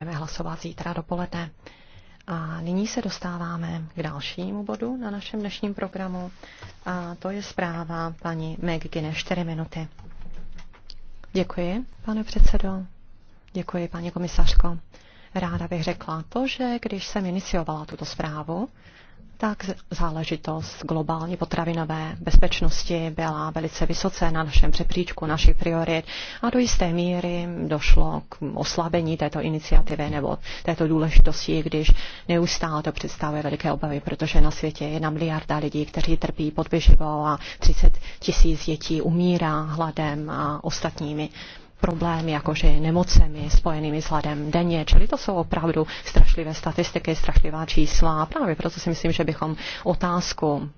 budeme hlasovat zítra dopoledne. A nyní se dostáváme k dalšímu bodu na našem dnešním programu. A to je zpráva paní Meggine 4 minuty. Děkuji, pane předsedo. Děkuji, paní komisařko. Ráda bych řekla to, že když jsem iniciovala tuto zprávu, tak záležitost globální potravinové bezpečnosti byla velice vysoce na našem přepříčku našich priorit a do jisté míry došlo k oslabení této iniciativy nebo této důležitosti, když neustále to představuje veliké obavy, protože na světě je jedna miliarda lidí, kteří trpí podvyživou a 30 tisíc dětí umírá hladem a ostatními problémy, jakože nemocemi spojenými s hladem denně. Čili to jsou opravdu strašlivé statistiky, strašlivá čísla. A právě proto si myslím, že bychom otázku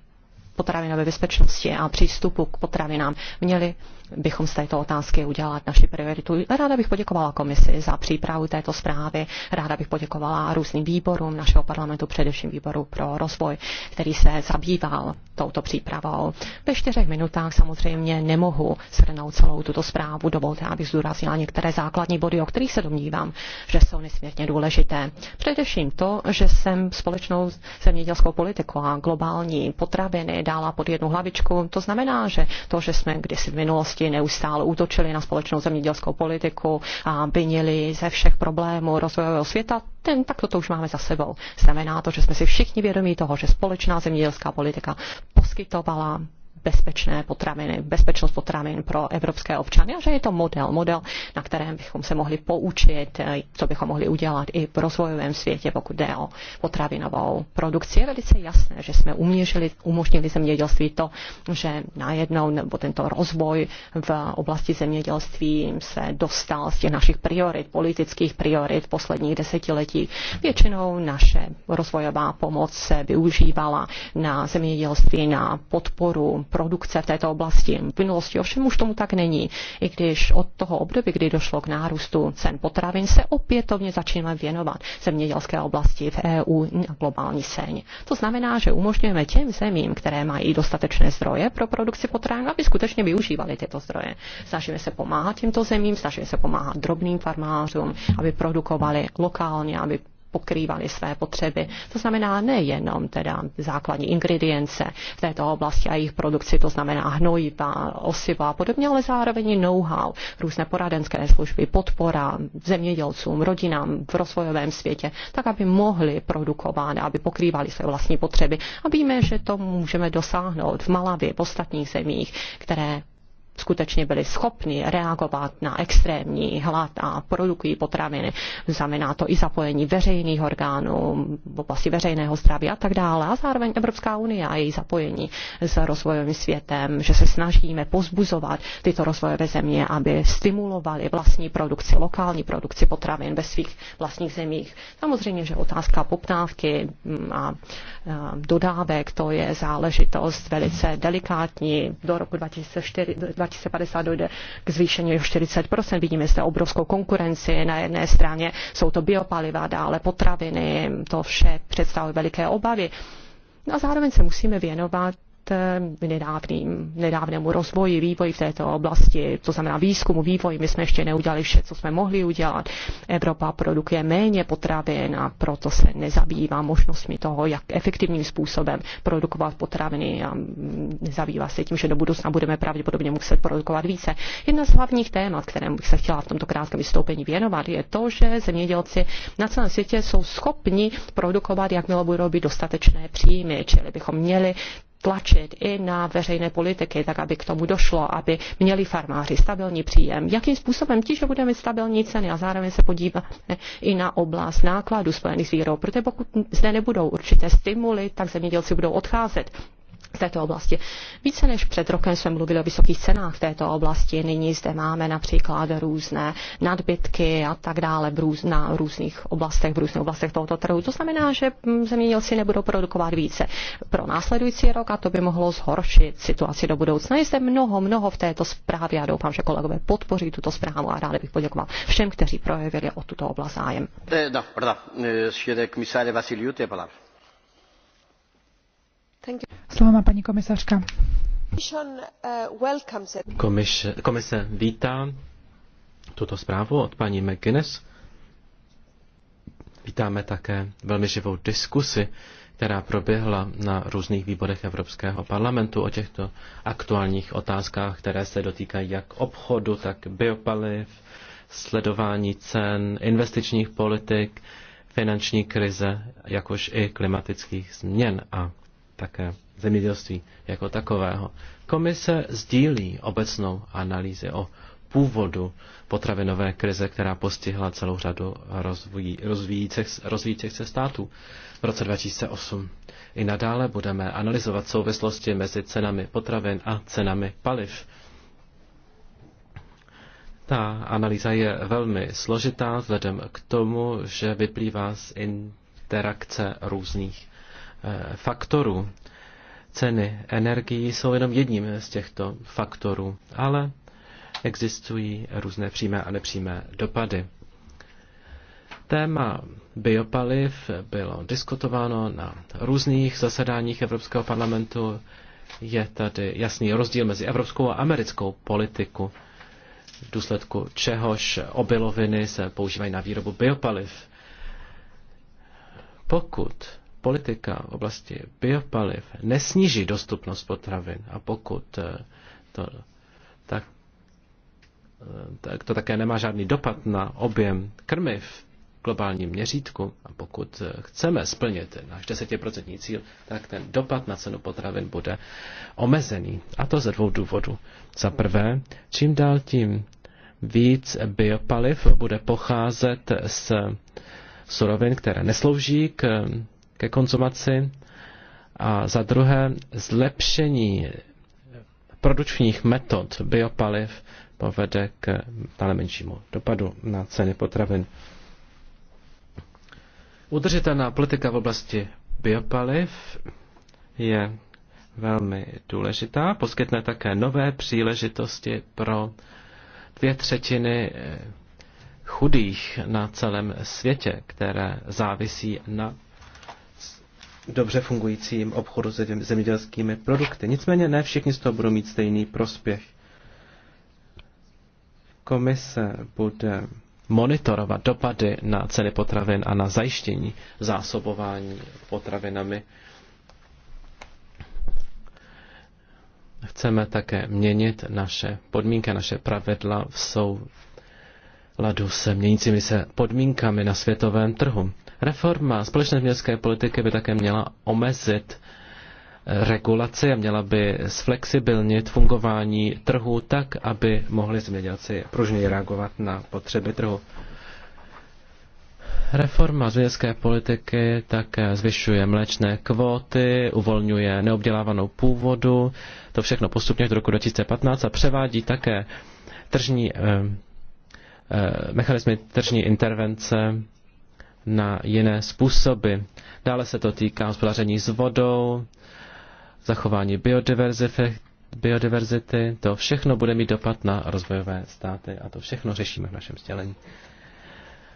potravinové bezpečnosti a přístupu k potravinám měli bychom z této otázky udělat naši prioritu. Ráda bych poděkovala komisi za přípravu této zprávy, ráda bych poděkovala různým výborům našeho parlamentu, především výboru pro rozvoj, který se zabýval touto přípravou. Ve čtyřech minutách samozřejmě nemohu shrnout celou tuto zprávu. Dovolte, abych zdůraznila některé základní body, o kterých se domnívám, že jsou nesmírně důležité. Především to, že jsem společnou zemědělskou politiku a globální potraviny dala pod jednu hlavičku. To znamená, že to, že jsme kdysi v minulosti minulosti neustále útočili na společnou zemědělskou politiku a vinili ze všech problémů rozvojového světa, ten, tak to, to už máme za sebou. Znamená to, že jsme si všichni vědomí toho, že společná zemědělská politika poskytovala bezpečné potraviny, bezpečnost potravin pro evropské občany a že je to model, model, na kterém bychom se mohli poučit, eh, co bychom mohli udělat i v rozvojovém světě, pokud jde o potravinovou produkci. Je velice jasné, že jsme uměřili, umožnili zemědělství to, že najednou nebo tento rozvoj v oblasti zemědělství se dostal z těch našich priorit, politických priorit posledních desetiletí. Většinou naše rozvojová pomoc se využívala na zemědělství, na podporu produkce v této oblasti. V minulosti ovšem už tomu tak není. I když od toho období, kdy došlo k nárůstu cen potravin, se opětovně začínáme věnovat zemědělské oblasti v EU na globální scéně. To znamená, že umožňujeme těm zemím, které mají dostatečné zdroje pro produkci potravin, aby skutečně využívali tyto zdroje. Snažíme se pomáhat těmto zemím, snažíme se pomáhat drobným farmářům, aby produkovali lokálně, aby pokrývali své potřeby. To znamená nejenom teda základní ingredience v této oblasti a jejich produkci, to znamená hnojiva, osiva a podobně, ale zároveň know-how, různé poradenské služby, podpora zemědělcům, rodinám v rozvojovém světě, tak aby mohli produkovat, aby pokrývali své vlastní potřeby. A víme, že to můžeme dosáhnout v Malavě, v ostatních zemích, které skutečně byli schopni reagovat na extrémní hlad a produkují potraviny. Znamená to i zapojení veřejných orgánů, oblasti veřejného zdraví a tak dále. A zároveň Evropská unie a její zapojení s rozvojovým světem, že se snažíme pozbuzovat tyto rozvojové země, aby stimulovali vlastní produkci, lokální produkci potravin ve svých vlastních zemích. Samozřejmě, že otázka poptávky mm, a dodávek, to je záležitost velice delikátní. Do roku 2004, 2050 dojde k zvýšení o 40%. Vidíme zde obrovskou konkurenci. Na jedné straně jsou to biopaliva, dále potraviny, to vše představuje veliké obavy. No a zároveň se musíme věnovat Eh, nedávným, nedávnému rozvoji, vývoji v této oblasti, to znamená výzkumu, vývoji. My jsme ještě neudělali vše, co jsme mohli udělat. Evropa produkuje méně potravin a proto se nezabývá možnostmi toho, jak efektivním způsobem produkovat potraviny a mm, nezabývá se tím, že do budoucna budeme pravděpodobně muset produkovat více. Jedna z hlavních témat, kterému bych se chtěla v tomto krátkém vystoupení věnovat, je to, že zemědělci na celém světě jsou schopni produkovat, jakmile budou být dostatečné příjmy, čili bychom měli tlačit i na veřejné politiky, tak aby k tomu došlo, aby měli farmáři stabilní příjem. Jakým způsobem tím, že budeme mít stabilní ceny a zároveň se podíváme i na oblast nákladů spojených s vírou, protože pokud zde nebudou určité stimuly, tak zemědělci budou odcházet v této oblasti. Více než před rokem jsme mluvili o vysokých cenách v této oblasti. Nyní zde máme například různé nadbytky a tak dále růz, na různých oblastech, v různých oblastech tohoto trhu. To znamená, že zemědělci nebudou produkovat více pro následující rok a to by mohlo zhoršit situaci do budoucna. Je zde mnoho, mnoho v této zprávě a doufám, že kolegové podpoří tuto zprávu a ráda bych poděkoval všem, kteří projevili o tuto oblast zájem. Eh, no, Slovo má paní komisařka. Uh, komise, komise vítá tuto zprávu od paní McGuinness. Vítáme také velmi živou diskusi, která proběhla na různých výborech Evropského parlamentu o těchto aktuálních otázkách, které se dotýkají jak obchodu, tak biopaliv, sledování cen, investičních politik, finanční krize, jakož i klimatických změn a také zemědělství jako takového. Komise sdílí obecnou analýzy o původu potravinové krize, která postihla celou řadu rozvíjí, rozvíjících, rozvíjících se států v roce 2008. I nadále budeme analyzovat souvislosti mezi cenami potravin a cenami paliv. Ta analýza je velmi složitá vzhledem k tomu, že vyplývá z interakce různých Eh, faktorů. Ceny energií jsou jenom jedním z těchto faktorů, ale existují různé přímé a nepřímé dopady. Téma biopaliv bylo diskutováno na různých zasedáních Evropského parlamentu. Je tady jasný rozdíl mezi evropskou a americkou politiku, v důsledku čehož obiloviny se používají na výrobu biopaliv. Pokud politika v oblasti biopaliv nesníží dostupnost potravin a pokud eh, to, tak, eh, tak to také nemá žádný dopad na objem krmiv v globálním měřítku a pokud eh, chceme splnit náš desetiprocentní cíl, tak ten dopad na cenu potravin bude omezený. A to ze dvou důvodů. Za prvé, čím dál tím víc biopaliv bude pocházet z surovin, které neslouží k ke konzumaci a za druhé zlepšení produkčních metod biopaliv povede k dále menšímu dopadu na ceny potravin. Udržitelná politika v oblasti biopaliv je velmi důležitá. Poskytne také nové příležitosti pro dvě třetiny eh, chudých na celém světě, které závisí na dobře fungujícím obchodu se zemědělskými produkty. Nicméně ne všichni z toho budou mít stejný prospěch. Komise bude monitorovat dopady na ceny potravin a na zajištění zásobování potravinami. Chceme také měnit naše podmínky, naše pravidla v, sou, ladu se měnícími se podmínkami na světovém trhu. Reforma společné městské politiky by také měla omezit eh, regulaci a měla by zflexibilnit fungování trhu tak, aby mohli zemědělci pružněji reagovat na potřeby trhu. Reforma zemědělské politiky také zvyšuje mléčné kvóty, uvolňuje neobdělávanou původu, to všechno postupně do roku 2015 a převádí také tržní eh, Eh, mechanismy tržní intervence na jiné způsoby. Dále se to týká hospodaření s vodou, zachování biodiverzity. To všechno bude mít dopad na rozvojové státy a to všechno řešíme v našem sdělení.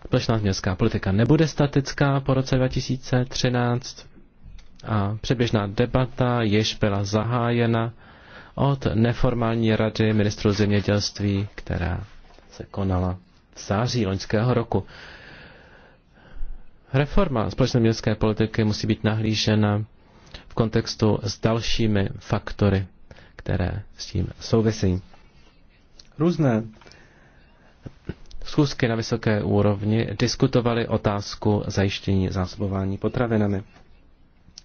Plešná městská politika nebude statická po roce 2013 a předběžná debata již byla zahájena od neformální rady ministrů zemědělství, která se konala v září loňského roku. Reforma společné městské politiky musí být nahlížena v kontextu s dalšími faktory, které s tím souvisí. Různé schůzky na vysoké úrovni diskutovaly otázku zajištění zásobování potravinami.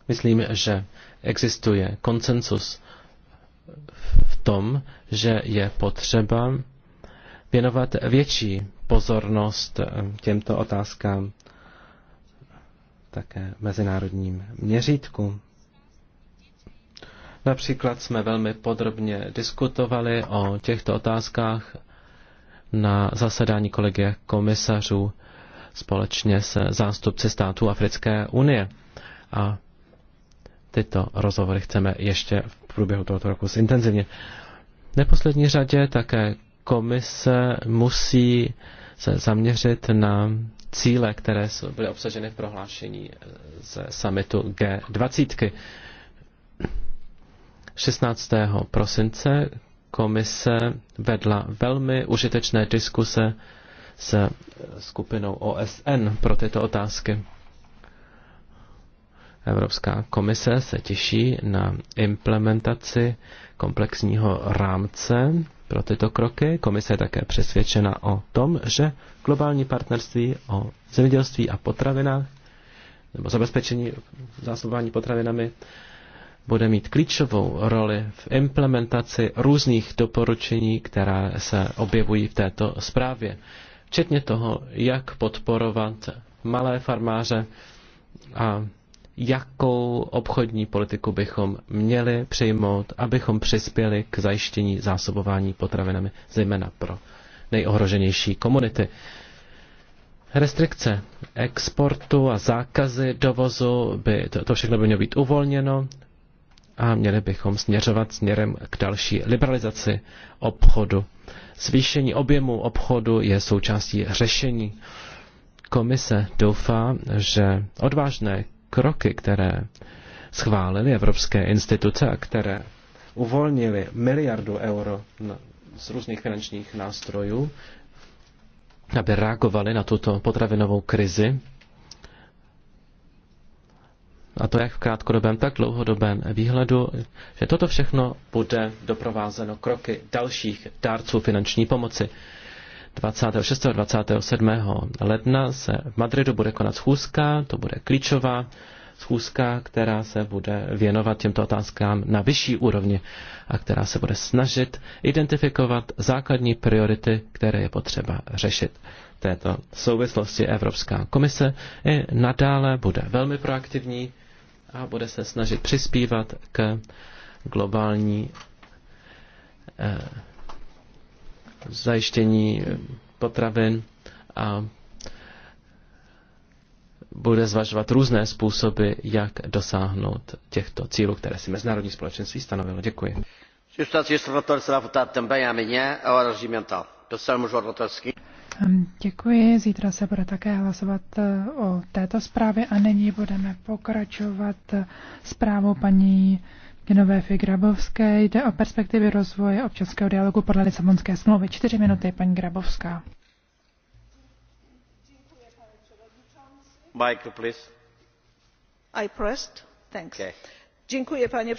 Myslím, že existuje konsenzus v tom, že je potřeba věnovat větší pozornost eh, těmto otázkám také mezinárodním měřítku. Například jsme velmi podrobně diskutovali o těchto otázkách na zasedání kolegie komisařů společně se zástupci států Africké unie. A tyto rozhovory chceme ještě v průběhu tohoto roku zintenzivně. V neposlední řadě také komise musí se zaměřit na cíle, které byly obsaženy v prohlášení eh, ze summitu G20. 16. prosince komise vedla velmi užitečné diskuse se eh, skupinou OSN pro tyto otázky. Evropská komise se těší na implementaci komplexního rámce pro tyto kroky. Komise je také přesvědčena o tom, že globální partnerství o zemědělství a potravinách nebo zabezpečení zásobování potravinami bude mít klíčovou roli v implementaci různých doporučení, která se objevují v této zprávě, včetně toho, jak podporovat malé farmáře a jakou obchodní politiku bychom měli přijmout, abychom přispěli k zajištění zásobování potravinami, zejména pro nejohroženější komunity. Restrikce exportu a zákazy dovozu, by, to, to všechno by mělo být uvolněno a měli bychom směřovat směrem k další liberalizaci obchodu. Zvýšení objemu obchodu je součástí řešení. Komise doufá, že odvážné kroky, které schválily evropské instituce a které uvolnili miliardu euro z různých finančních nástrojů, aby reagovali na tuto potravinovou krizi. A to jak v krátkodobém, tak dlouhodobém výhledu, že toto všechno bude doprovázeno kroky dalších dárců finanční pomoci. 26. a 27. ledna se v Madridu bude konat schůzka, to bude klíčová schůzka, která se bude věnovat těmto otázkám na vyšší úrovni a která se bude snažit identifikovat základní priority, které je potřeba řešit. Této souvislosti Evropská komise i nadále bude velmi proaktivní a bude se snažit přispívat k globální eh, zajištění eh, potravin a bude zvažovat různé způsoby, jak dosáhnout těchto cílů, které si mezinárodní společenství stanovilo. Děkuji. Ehm, děkuji. Zítra se bude také hlasovat eh, o této zprávě a nyní budeme pokračovat eh, zprávou paní Genové Grabovské jde o perspektivy rozvoje občanského dialogu podle Lisabonské smlouvy. Čtyři minuty, paní Grabovská. Micro, please. I pressed. Thanks. Okay. Děkuji, pane